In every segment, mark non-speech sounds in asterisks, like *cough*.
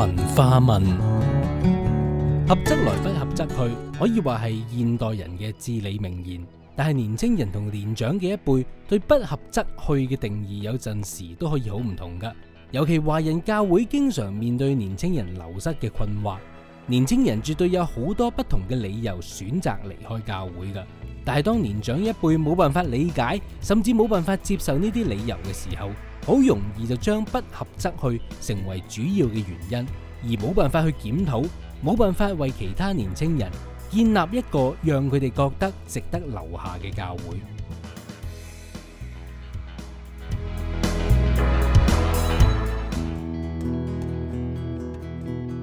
文化問合則來，不合則去，可以話係現代人嘅至理名言。但係年青人同年長嘅一輩對不合則去嘅定義，有陣時都可以好唔同噶。尤其華人教會經常面對年青人流失嘅困惑。年青人絕對有好多不同嘅理由選擇離開教會噶。但係當年長一輩冇辦法理解，甚至冇辦法接受呢啲理由嘅時候，好容易就將不合則去成為主要嘅原因，而冇辦法去檢討，冇辦法為其他年青人建立一個讓佢哋覺得值得留下嘅教會。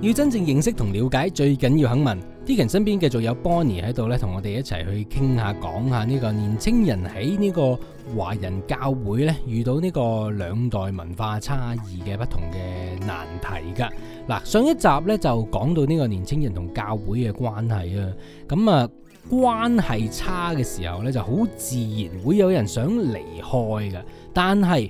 要真正認識同了解，最緊要肯問。Deakin 身邊繼續有 Bonnie 喺度咧，同我哋一齊去傾下、講下呢個年青人喺呢個華人教會咧遇到呢個兩代文化差異嘅不同嘅難題㗎。嗱，上一集咧就講到呢個年青人同教會嘅關係啊，咁啊關係差嘅時候咧就好自然會有人想離開㗎，但係，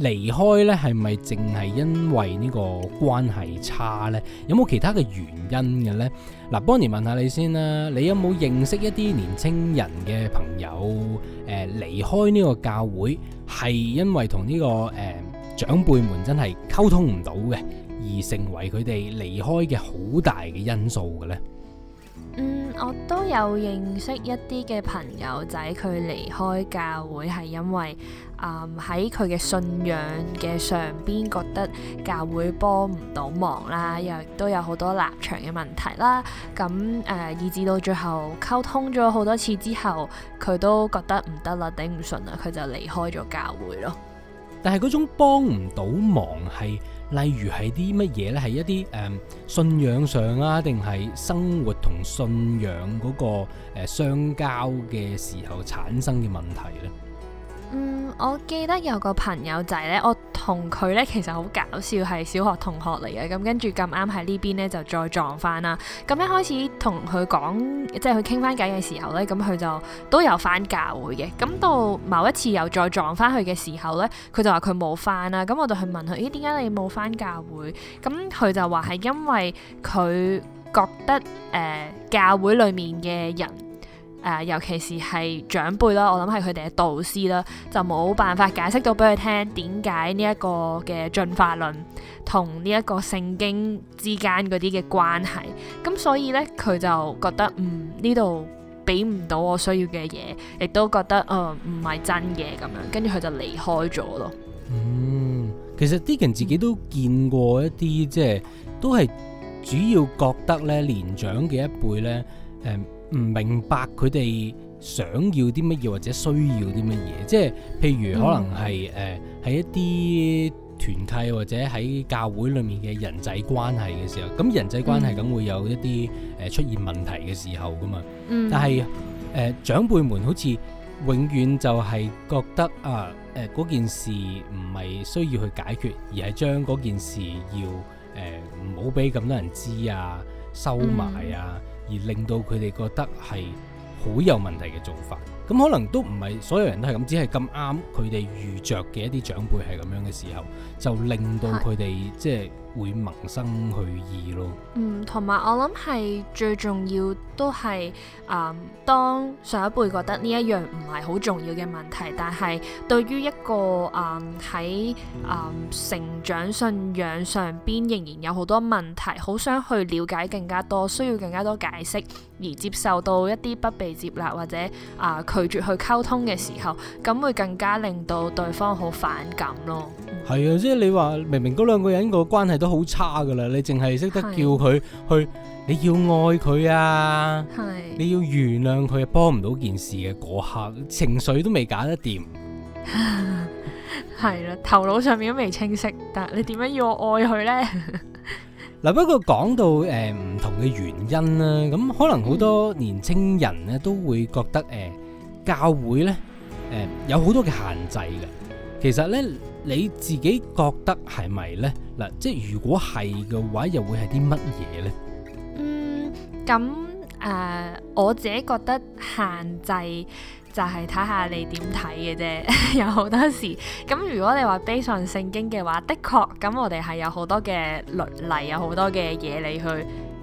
離開呢係咪淨係因為呢個關係差呢？有冇其他嘅原因嘅呢？嗱，Bonnie 問下你先啦，你有冇認識一啲年青人嘅朋友？誒、呃、離開呢個教會係因為同呢、這個誒、呃、長輩們真係溝通唔到嘅，而成為佢哋離開嘅好大嘅因素嘅呢？嗯我都有認識一啲嘅朋友仔，佢離開教會係因為，誒喺佢嘅信仰嘅上邊覺得教會幫唔到忙啦，又都有好多立場嘅問題啦，咁誒以至到最後溝通咗好多次之後，佢都覺得唔得啦，頂唔順啦，佢就離開咗教會咯。但係嗰種幫唔到忙係。例如係啲乜嘢咧？係一啲誒、嗯、信仰上啊，定係生活同信仰嗰、嗰個、呃、相交嘅時候產生嘅問題咧？我記得有個朋友仔咧，我同佢咧其實好搞笑，係小學同學嚟嘅。咁跟住咁啱喺呢邊咧就再撞翻啦咁一開始同佢講，即係佢傾翻偈嘅時候咧，咁佢就都有翻教會嘅。咁到某一次又再撞翻去嘅時候咧，佢就話佢冇翻啦。咁我就去問佢：咦、欸，點解你冇翻教會？咁佢就話係因為佢覺得誒、呃、教會裏面嘅人。誒，尤其是係長輩啦，我諗係佢哋嘅導師啦，就冇辦法解釋到俾佢聽，點解呢一個嘅進化論同呢一個聖經之間嗰啲嘅關係。咁所以咧，佢就覺得嗯，呢度俾唔到我需要嘅嘢，亦都覺得誒，唔係真嘅咁樣，跟住佢就離開咗咯。嗯，其實 Deakin 自己都見過一啲，即係都係主要覺得咧，年長嘅一輩咧誒。唔明白佢哋想要啲乜嘢或者需要啲乜嘢，即係譬如可能係誒喺一啲團契或者喺教會裏面嘅人際關係嘅時候，咁人際關係梗會有一啲誒出現問題嘅時候噶嘛。嗯、但係誒、呃、長輩們好似永遠就係覺得啊誒嗰、呃、件事唔係需要去解決，而係將嗰件事要誒唔好俾咁多人知啊，收埋啊。嗯而令到佢哋覺得係好有問題嘅做法。咁可能都唔係所有人都係咁，只係咁啱佢哋遇着嘅一啲長輩係咁樣嘅時候，就令到佢哋即係會萌生去意咯。嗯，同埋我諗係最重要都係啊，當上一輩覺得呢一樣唔係好重要嘅問題，但係對於一個啊喺啊成長信仰上邊仍然有好多問題，好想去了解更加多，需要更加多解釋，而接受到一啲不被接納或者啊。呃拒絕去溝通嘅時候，咁會更加令到對方好反感咯。係啊，即係你話明明嗰兩個人個關係都好差噶啦，你淨係識得叫佢去，你要愛佢啊，你要原諒佢，幫唔到件事嘅嗰刻，情緒都未搞得掂，係啦，頭腦上面都未清晰，但係你點樣要我愛佢呢？嗱，不過講到誒唔同嘅原因啦，咁可能好多年青人咧都會覺得誒。教會呢，呃、有好多嘅限制嘅。其實呢，你自己覺得係咪呢？嗱，即係如果係嘅話，又會係啲乜嘢呢？嗯，咁誒、呃，我自己覺得限制就係睇下你點睇嘅啫。 *laughs* 有好多時，咁如果你話背誦聖經嘅話，的確，咁我哋係有好多嘅律例，有好多嘅嘢你去。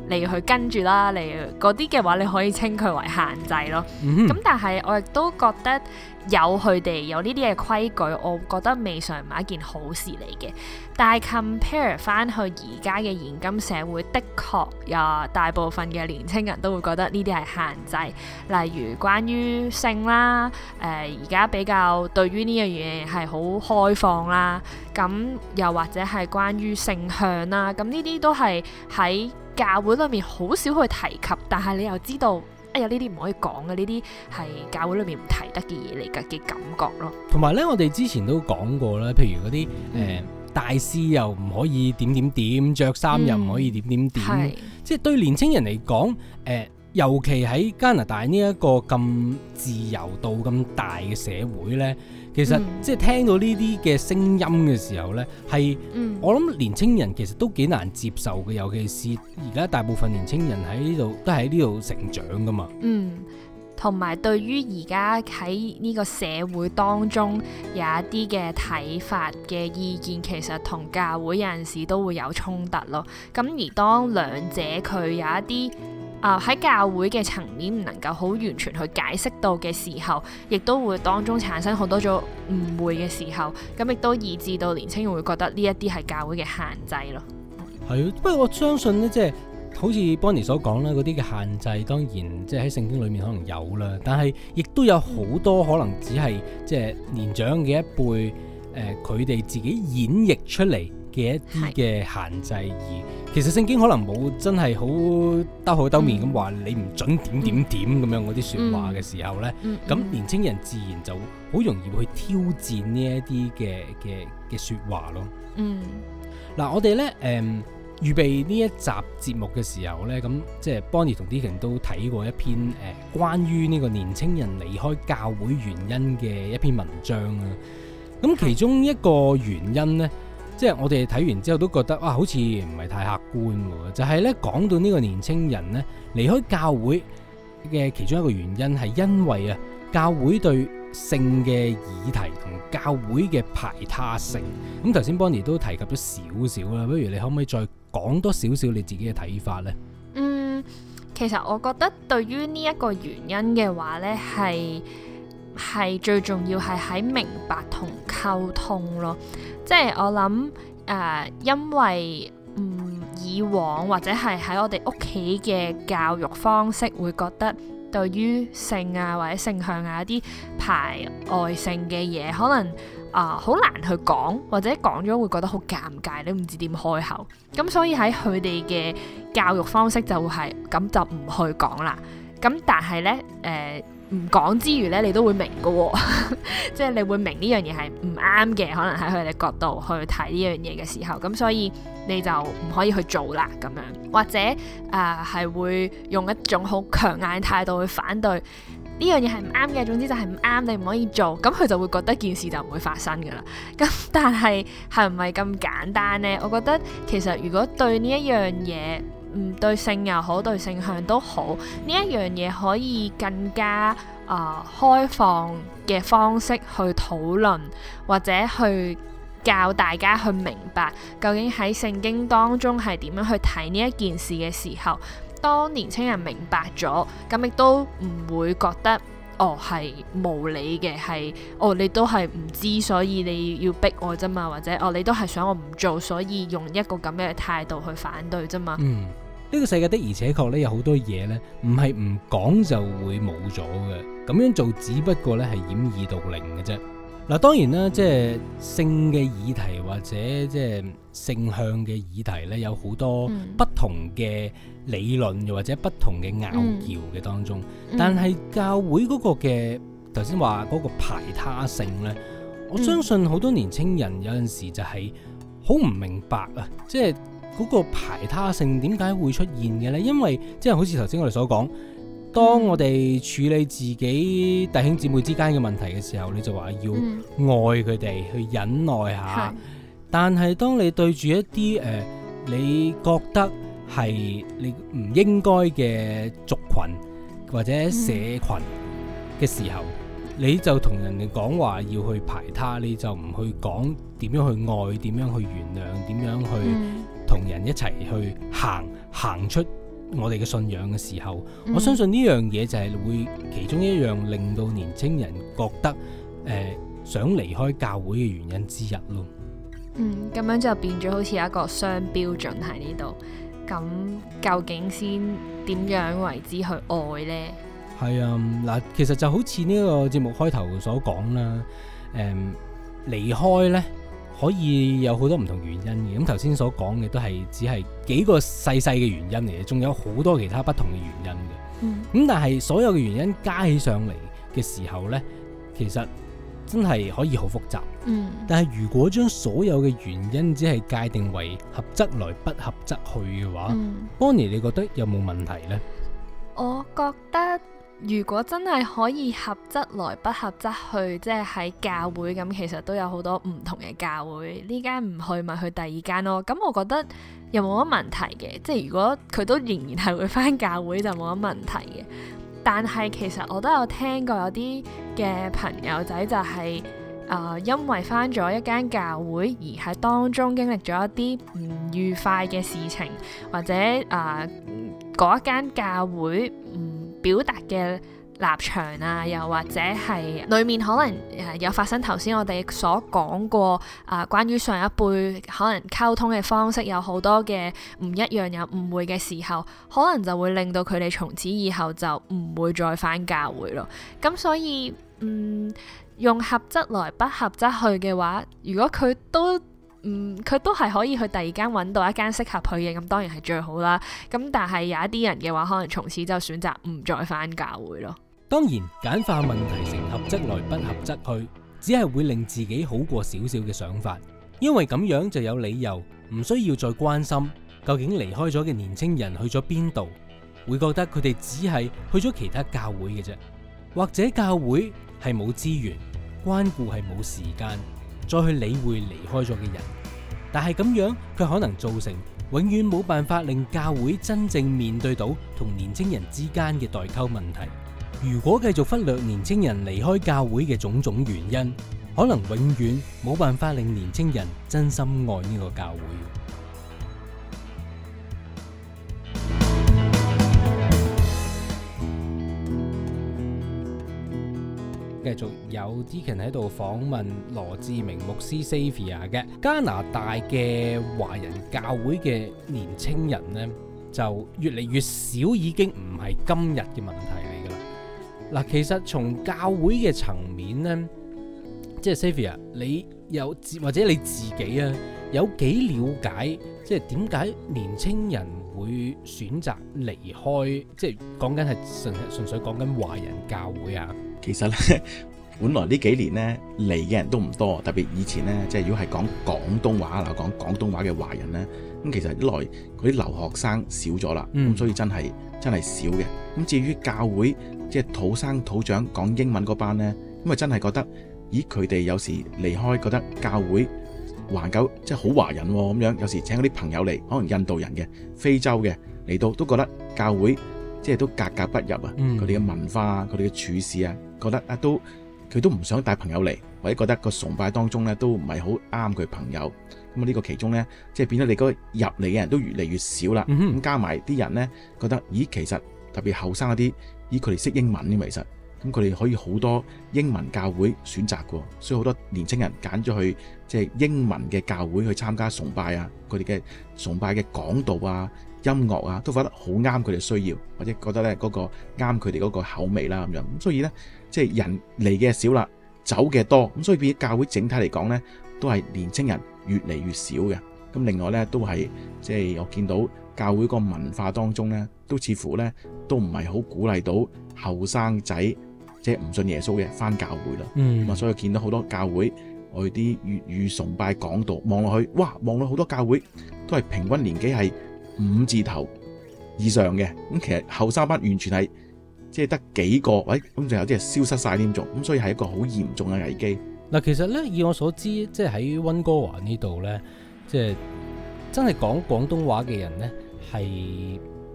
你要去跟住啦，你嗰啲嘅話你可以稱佢為限制咯。咁、嗯、哼但係我亦都覺得有佢哋有呢啲嘅規矩，我覺得未嘗唔係一件好事嚟嘅。但係 compare 翻去而家嘅現今社會，的確有大部分嘅年輕人都會覺得呢啲係限制，例如關於性啦，誒而家比較對於呢樣嘢係好開放啦。咁又或者係關於性向啦，咁呢啲都係喺教會裏面好少去提及，但係你又知道，哎呀呢啲唔可以講嘅，呢啲係教會裏面唔提得嘅嘢嚟噶嘅感覺咯。同埋呢，我哋之前都講過啦，譬如嗰啲誒大師又唔可以點點點，着衫又唔可以點點點，嗯、即係對年青人嚟講誒。呃尤其喺加拿大呢一個咁自由度咁大嘅社會呢，其實、嗯、即係聽到呢啲嘅聲音嘅時候呢，係、嗯、我諗年青人其實都幾難接受嘅，尤其是而家大部分年青人喺呢度都喺呢度成長噶嘛。嗯，同埋對於而家喺呢個社會當中有一啲嘅睇法嘅意見，其實同教會有陣時都會有衝突咯。咁而當兩者佢有一啲啊！喺、uh, 教會嘅層面唔能夠好完全去解釋到嘅時候，亦都會當中產生好多種誤會嘅時候，咁亦都以致到年青人會覺得呢一啲係教會嘅限制咯。係啊，不過我相信呢，即係好似 Bonnie 所講啦，嗰啲嘅限制當然即係喺聖經裏面可能有啦，但係亦都有好多可能只係即係年長嘅一輩，呃、佢哋自己演繹出嚟。嘅一啲嘅限制，而其實聖經可能冇真係好兜口兜面咁話你唔準點點點咁樣嗰啲説話嘅時候呢，咁年青人自然就好容易會去挑戰呢一啲嘅嘅嘅説話咯。嗯，啊、嗯，嗱，我哋呢誒預備呢一集節目嘅時候呢，咁即係 Bonnie 同 Deakin 都睇過一篇誒、呃、關於呢個年青人離開教會原因嘅一篇文章啊。咁其中一個原因呢。即係我哋睇完之後都覺得哇，好似唔係太客觀喎。就係呢，講到呢個年青人呢離開教會嘅其中一個原因，係因為啊教會對性嘅議題同教會嘅排他性。咁頭先 Bonnie 都提及咗少少啦，不如你可唔可以再講多少少你自己嘅睇法呢？嗯，其實我覺得對於呢一個原因嘅話呢，係係最重要係喺明白同溝通咯。即係我諗，誒、呃，因為嗯以往或者係喺我哋屋企嘅教育方式，會覺得對於性啊或者性向啊一啲排外性嘅嘢，可能啊好、呃、難去講，或者講咗會覺得好尷尬，你唔知點開口。咁、嗯、所以喺佢哋嘅教育方式就會係、是、咁就唔去講啦。咁、嗯、但係呢。誒、呃。唔講之餘咧，你都會明㗎喎，即係你會明呢樣嘢係唔啱嘅，可能喺佢哋角度去睇呢樣嘢嘅時候，咁所以你就唔可以去做啦咁樣，或者誒係、呃、會用一種好強硬態度去反對呢樣嘢係唔啱嘅，總之就係唔啱，你唔可以做，咁佢就會覺得件事就唔會發生㗎喇。咁但係係唔係咁簡單呢？我覺得其實如果對呢一樣嘢，唔對性又好，對性向都好，呢一樣嘢可以更加啊、呃、開放嘅方式去討論，或者去教大家去明白究竟喺聖經當中係點樣去睇呢一件事嘅時候，當年青人明白咗，咁亦都唔會覺得哦係無理嘅，係哦你都係唔知，所以你要逼我啫嘛，或者哦你都係想我唔做，所以用一個咁樣嘅態度去反對啫嘛。嗯呢個世界的而且確咧有好多嘢咧，唔係唔講就會冇咗嘅。咁樣做，只不過咧係掩耳盜鈴嘅啫。嗱，當然啦，即係性嘅議題或者即係性向嘅議題咧，有好多不同嘅理論，又或者不同嘅拗撬嘅當中。嗯嗯嗯、但係教會嗰個嘅頭先話嗰個排他性咧，我相信好多年青人有陣時就係好唔明白啊，即係。嗰個排他性點解會出現嘅呢？因為即係、就是、好似頭先我哋所講，當我哋處理自己弟兄姊妹之間嘅問題嘅時候，你就話要愛佢哋，嗯、去忍耐下。是但係當你對住一啲誒、呃，你覺得係你唔應該嘅族群或者社群嘅時候，嗯、你就同人哋講話要去排他，你就唔去講點樣去愛，點樣去原諒，點樣去、嗯。人一齊去行行出我哋嘅信仰嘅時候，嗯、我相信呢樣嘢就係會其中一樣令到年青人覺得誒、呃、想離開教會嘅原因之一咯。嗯，咁樣就變咗好似有一個雙標準喺呢度。咁究竟先點樣為之去愛咧？係啊，嗱，其實就好似呢個節目開頭所講啦，誒、嗯，離開咧。可以有好多唔同原因嘅，咁頭先所講嘅都係只係幾個細細嘅原因嚟嘅，仲有好多其他不同嘅原因嘅。咁、嗯、但係所有嘅原因加起上嚟嘅時候呢，其實真係可以好複雜。嗯、但係如果將所有嘅原因只係界定為合則來不合則去嘅話 b o n n 你覺得有冇問題呢？我覺得。如果真係可以合則來不合則去，即係喺教會咁，其實都有好多唔同嘅教會，呢間唔去咪去第二間咯。咁我覺得又冇乜問題嘅，即係如果佢都仍然係會返教會就冇乜問題嘅。但係其實我都有聽過有啲嘅朋友仔就係、是、誒、呃，因為返咗一間教會而喺當中經歷咗一啲唔愉快嘅事情，或者誒嗰一間教會唔。嗯表達嘅立場啊，又或者係裡面可能有發生頭先我哋所講過啊、呃，關於上一輩可能溝通嘅方式有好多嘅唔一樣，有誤會嘅時候，可能就會令到佢哋從此以後就唔會再返教會咯。咁所以，嗯，用合則來不合則去嘅話，如果佢都，嗯，佢都係可以去第二間揾到一間適合佢嘅，咁當然係最好啦。咁但係有一啲人嘅話，可能從此就選擇唔再翻教會咯。當然，簡化問題成合則來不合則去，只係會令自己好過少少嘅想法，因為咁樣就有理由唔需要再關心究竟離開咗嘅年青人去咗邊度，會覺得佢哋只係去咗其他教會嘅啫，或者教會係冇資源，關顧係冇時間。再去理會離開咗嘅人，但係咁樣卻可能造成永遠冇辦法令教會真正面對到同年青人之間嘅代溝問題。如果繼續忽略年青人離開教會嘅種種原因，可能永遠冇辦法令年青人真心愛呢個教會。繼續有 Deakin 喺度訪問羅志明牧師 Xavier 嘅。加拿大嘅華人教會嘅年青人呢就越嚟越少，已經唔係今日嘅問題嚟噶啦。嗱，其實從教會嘅層面呢即係、就是、Xavier，你有或者你自己啊，有幾了解？即係點解年青人會選擇離開？即係講緊係純純粹講緊華人教會啊？其實咧，本來呢幾年咧嚟嘅人都唔多，特別以前咧，即係如果係講廣東話嗱，講廣東話嘅華人咧，咁其實一嚟嗰啲留學生少咗啦，咁、嗯、所以真係真係少嘅。咁至於教會，即係土生土長講英文嗰班咧，咁啊真係覺得，咦佢哋有時離開覺得教會環境即係好華人喎、哦、咁樣，有時請嗰啲朋友嚟，可能印度人嘅、非洲嘅嚟到，都覺得教會，即係都格格不入啊！佢哋嘅文化啊，佢哋嘅處事啊，覺得啊都佢都唔想帶朋友嚟，或者覺得個崇拜當中咧都唔係好啱佢朋友。咁啊呢個其中咧，即係變咗你嗰入嚟嘅人都越嚟越少啦。咁、嗯、加埋啲人咧，覺得咦，其實特別後生嗰啲，咦佢哋識英文嘅，其實咁佢哋可以好多英文教會選擇嘅、啊，所以好多年青人揀咗去即係英文嘅教會去參加崇拜啊，佢哋嘅崇拜嘅講道啊。音樂啊，都覺得好啱佢哋需要，或者覺得呢嗰個啱佢哋嗰個口味啦。咁樣，所以呢，即係人嚟嘅少啦，走嘅多。咁所以，變成教會整體嚟講呢，都係年青人越嚟越少嘅。咁另外呢，都係即係我見到教會個文化當中呢，都似乎呢，都唔係好鼓勵到後生仔即係唔信耶穌嘅翻教會啦。嗯，咁所以見到好多教會我哋啲粵語崇拜講道望落去，哇，望到好多教會都係平均年紀係。五字頭以上嘅，咁其實後生班完全係即係得幾個，喂、哎，咁仲有啲係消失晒添咁，所以係一個好嚴重嘅危機。嗱，其實呢，以我所知，即係喺溫哥華呢度呢，即係真係講廣東話嘅人呢，係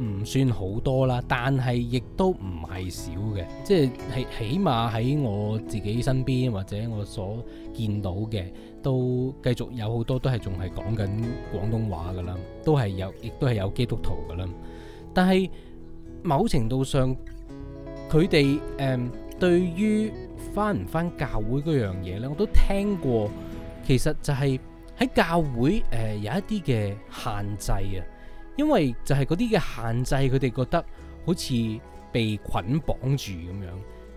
唔算好多啦，但係亦都唔係少嘅，即係起起碼喺我自己身邊或者我所見到嘅。都繼續有好多都係仲係講緊廣東話噶啦，都係有，亦都係有基督徒噶啦。但係某程度上，佢哋誒對於返唔返教會嗰樣嘢呢，我都聽過。其實就係喺教會誒、呃、有一啲嘅限制啊，因為就係嗰啲嘅限制，佢哋覺得好似被捆綁住咁樣。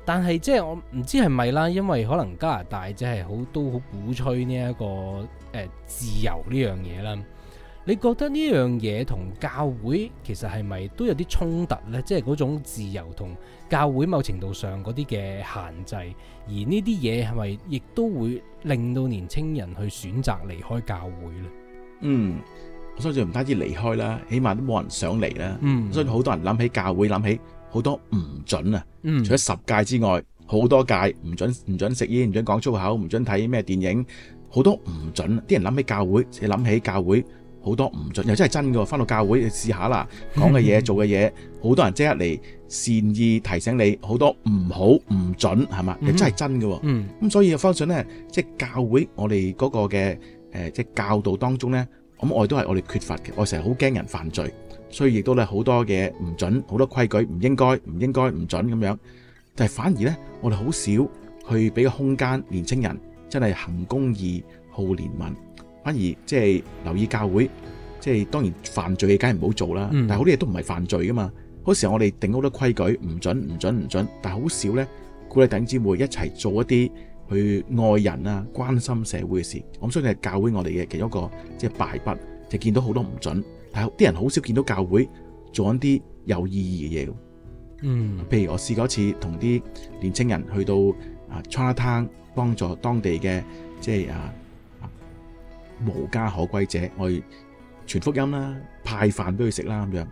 但係即係我唔知係咪啦，因為可能加拿大即係好都好鼓吹呢、這、一個誒、呃、自由呢樣嘢啦。你覺得呢樣嘢同教會其實係咪都有啲衝突呢？即係嗰種自由同教會某程度上嗰啲嘅限制，而呢啲嘢係咪亦都會令到年青人去選擇離開教會呢？嗯，所以就唔單止離開啦，起碼都冇人想嚟啦。嗯，所以好多人諗起教會，諗起。好多唔準啊！除咗十誡之外，好多戒唔準唔準食煙，唔準講粗口，唔準睇咩電影，好多唔準、啊。啲人諗起教會，你諗起教會，好多唔準，又真係真噶、啊。返到教會試下啦，講嘅嘢、做嘅嘢，好多人即刻嚟善意提醒你，好多唔好、唔準係嘛？又真係真噶、啊。咁、嗯嗯、所以嘅方向咧，即係教會我哋嗰個嘅誒，即係教導當中咧，咁我都係我哋缺乏嘅，我成日好驚人犯罪。所以亦都咧好多嘅唔准，好多規矩唔應該，唔應該唔准咁樣。但係反而呢，我哋好少去俾個空間年青人，真係行公義、好憐憫，反而即係留意教會。即係當然犯罪嘅梗係唔好做啦，但係好多嘢都唔係犯罪噶嘛。好多時候我哋定好多規矩，唔准、唔准、唔准，但係好少呢，鼓勵弟兄姊妹一齊做一啲去愛人啊、關心社會嘅事。我唔相信係教會我哋嘅其中一個即係敗筆，就見到好多唔准。但係啲人好少見到教會做一啲有意義嘅嘢。嗯，譬如我試過一次同啲年青人去到啊 Chinatown 幫助當地嘅即係啊無家可歸者，去傳福音啦，派飯俾佢食啦咁樣。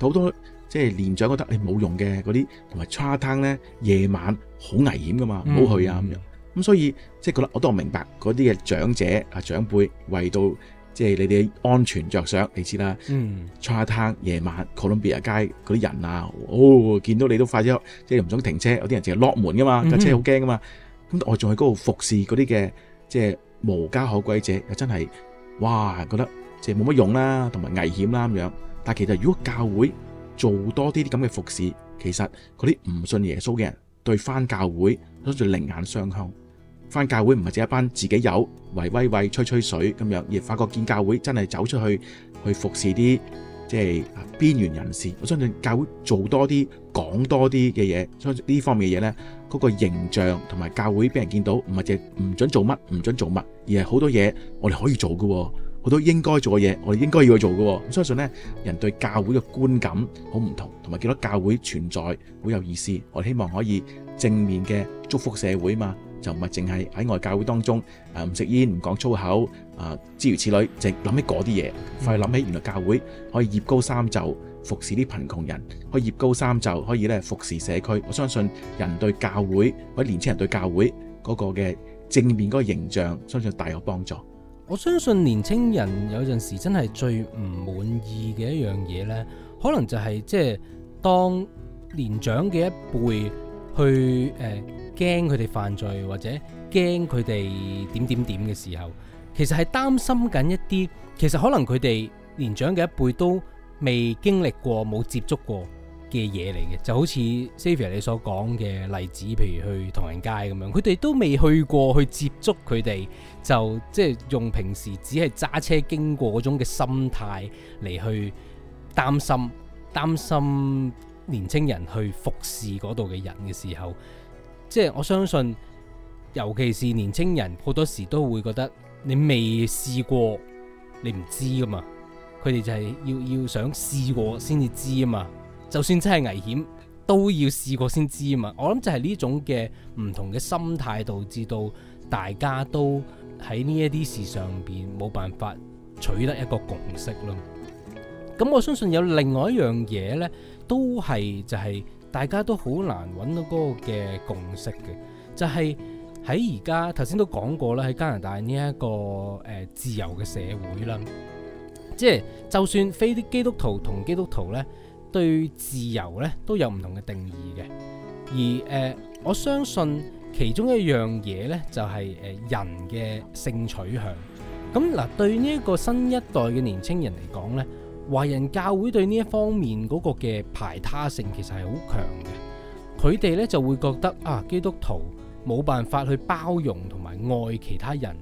好多即係年長覺得你冇、欸、用嘅嗰啲，同埋 Chinatown 咧夜晚好危險㗎嘛，唔好去啊咁、嗯嗯、樣。咁所以即係覺得我都明白嗰啲嘅長者啊長輩為到，即係你哋安全着想，你知啦。嗯，撐下攤夜晚，Columbia 街嗰啲人啊，哦，見到你都快咗，即係唔想停車，有啲人淨係落門噶嘛，架車好驚噶嘛。咁、嗯嗯、我仲喺嗰度服侍嗰啲嘅，即係無家可歸者，又真係，哇，覺得即係冇乜用啦，同埋危險啦咁樣。但係其實如果教會做多啲啲咁嘅服侍，其實嗰啲唔信耶穌嘅人對翻教會都仲另眼相向。翻教會唔係淨一班自己有，圍威喂吹吹水咁樣，而發覺見教會真係走出去去服侍啲即係邊緣人士。我相信教會做多啲講多啲嘅嘢，相信呢方面嘅嘢呢，嗰個形象同埋教會俾人見到唔係淨唔准做乜唔准做乜，而係好多嘢我哋可以做㗎，好多應該做嘅嘢我哋應該要去做㗎。我相信呢人對教會嘅觀感好唔同，同埋見到教會存在好有意思。我哋希望可以正面嘅祝福社會嘛。就唔係淨係喺外教會當中誒，唔、呃、食煙，唔講粗口啊，諸、呃、如此類，就諗起嗰啲嘢，快諗、嗯、起原來教會可以業高三就服侍啲貧窮人，可以業高三就可以咧服侍社區。我相信人對教會，或者年青人對教會嗰個嘅正面嗰個形象，相信大有幫助。我相信年青人有陣時真係最唔滿意嘅一樣嘢呢，可能就係、是、即係當年長嘅一輩去誒。呃驚佢哋犯罪或者驚佢哋點點點嘅時候，其實係擔心緊一啲，其實可能佢哋年長嘅一輩都未經歷過、冇接觸過嘅嘢嚟嘅，就好似 Xavier 你所講嘅例子，譬如去唐人街咁樣，佢哋都未去過去接觸佢哋，就即係、就是、用平時只係揸車經過嗰種嘅心態嚟去擔心擔心年青人去服侍嗰度嘅人嘅時候。即係我相信，尤其是年青人，好多時都會覺得你未試過，你唔知噶嘛。佢哋就係要要想試過先至知啊嘛。就算真係危險，都要試過先知啊嘛。我諗就係呢種嘅唔同嘅心態導致到大家都喺呢一啲事上邊冇辦法取得一個共識咯。咁我相信有另外一樣嘢呢，都係就係、是。大家都好難揾到嗰個嘅共識嘅，就係喺而家頭先都講過啦，喺加拿大呢、這、一個誒、呃、自由嘅社會啦、就是，即係就算非啲基督徒同基督徒呢，對自由咧都有唔同嘅定義嘅。而、呃、誒，我相信其中一樣嘢呢，就係、是、誒人嘅性取向。咁嗱，對呢一個新一代嘅年青人嚟講呢，華人教會對呢一方面嗰個嘅排他性其實係好強嘅，佢哋呢就會覺得啊基督徒冇辦法去包容同埋愛其他人，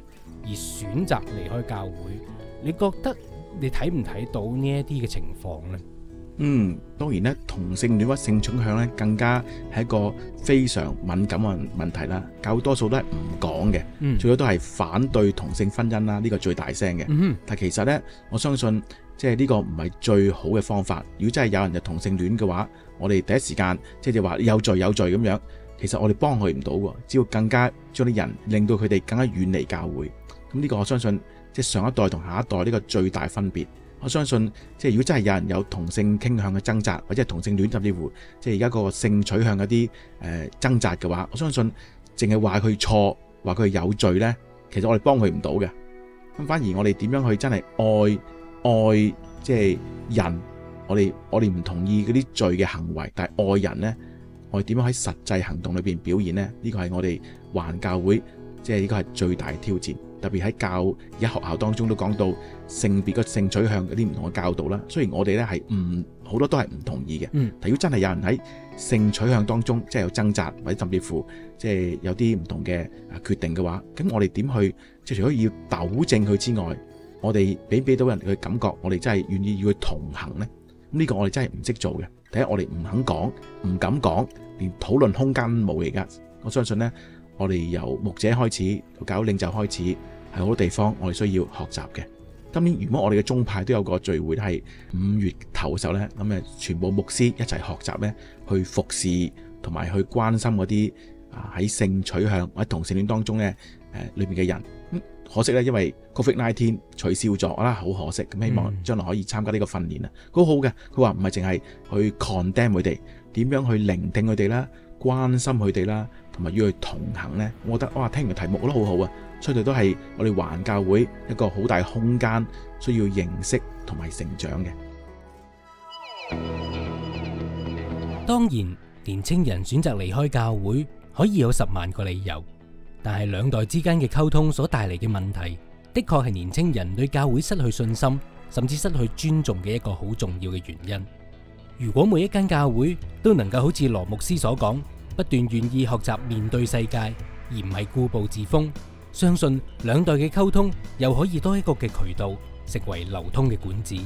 而選擇離開教會。你覺得你睇唔睇到呢一啲嘅情況呢？嗯，當然咧同性戀屈性傾向呢更加係一個非常敏感嘅問題啦。教會多數都係唔講嘅，最多都係反對同性婚姻啦，呢個最大聲嘅。但其實呢，我相信。即係呢個唔係最好嘅方法。如果真係有人就同性戀嘅話，我哋第一時間即係話有罪有罪咁樣，其實我哋幫佢唔到喎，只要更加將啲人令到佢哋更加遠離教會。咁呢個我相信即係上一代同下一代呢個最大分別。我相信即係如果真係有人有同性傾向嘅掙扎，或者同性戀甚至乎即係而家個性取向嗰啲誒掙扎嘅話，我相信淨係話佢錯，話佢有罪呢，其實我哋幫佢唔到嘅。咁反而我哋點樣去真係愛？愛即係人，我哋我哋唔同意嗰啲罪嘅行為，但係愛人呢，我哋點樣喺實際行動裏邊表現呢？呢個係我哋環教會即係呢個係最大嘅挑戰，特別喺教而家學校當中都講到性別個性取向嗰啲唔同嘅教導啦。雖然我哋呢係唔好多都係唔同意嘅，但係如果真係有人喺性取向當中即係有掙扎，或者甚至乎即係有啲唔同嘅啊決定嘅話，咁我哋點去即係除咗要糾正佢之外？我哋俾唔俾到人嘅感覺，我哋真係願意與佢同行呢。呢、這個我哋真係唔識做嘅。第一，我哋唔肯講，唔敢講，連討論空間冇嚟㗎。我相信呢，我哋由牧者開始，到教領袖開始，係好多地方我哋需要學習嘅。今年如果我哋嘅宗派都有個聚會，係五月頭嘅時候咧，咁誒全部牧師一齊學習呢，去服侍同埋去關心嗰啲啊喺性取向或者同性戀當中呢誒裏面嘅人。可惜咧，因為 COVID nineteen 取消咗啦，好可惜。咁希望將來可以參加呢個訓練啊，嗯、好好嘅。佢話唔係淨係去 condemn 佢哋，點樣去聆聽佢哋啦，關心佢哋啦，同埋要佢同行呢。我覺得哇，聽完題目都好好啊，出到都係我哋環教會一個好大空間需要認識同埋成長嘅。當然，年青人選擇離開教會，可以有十萬個理由。但係兩代之間嘅溝通所帶嚟嘅問題，的確係年青人對教會失去信心，甚至失去尊重嘅一個好重要嘅原因。如果每一間教會都能夠好似羅牧師所講，不斷願意學習面對世界，而唔係固步自封，相信兩代嘅溝通又可以多一個嘅渠道，成為流通嘅管子。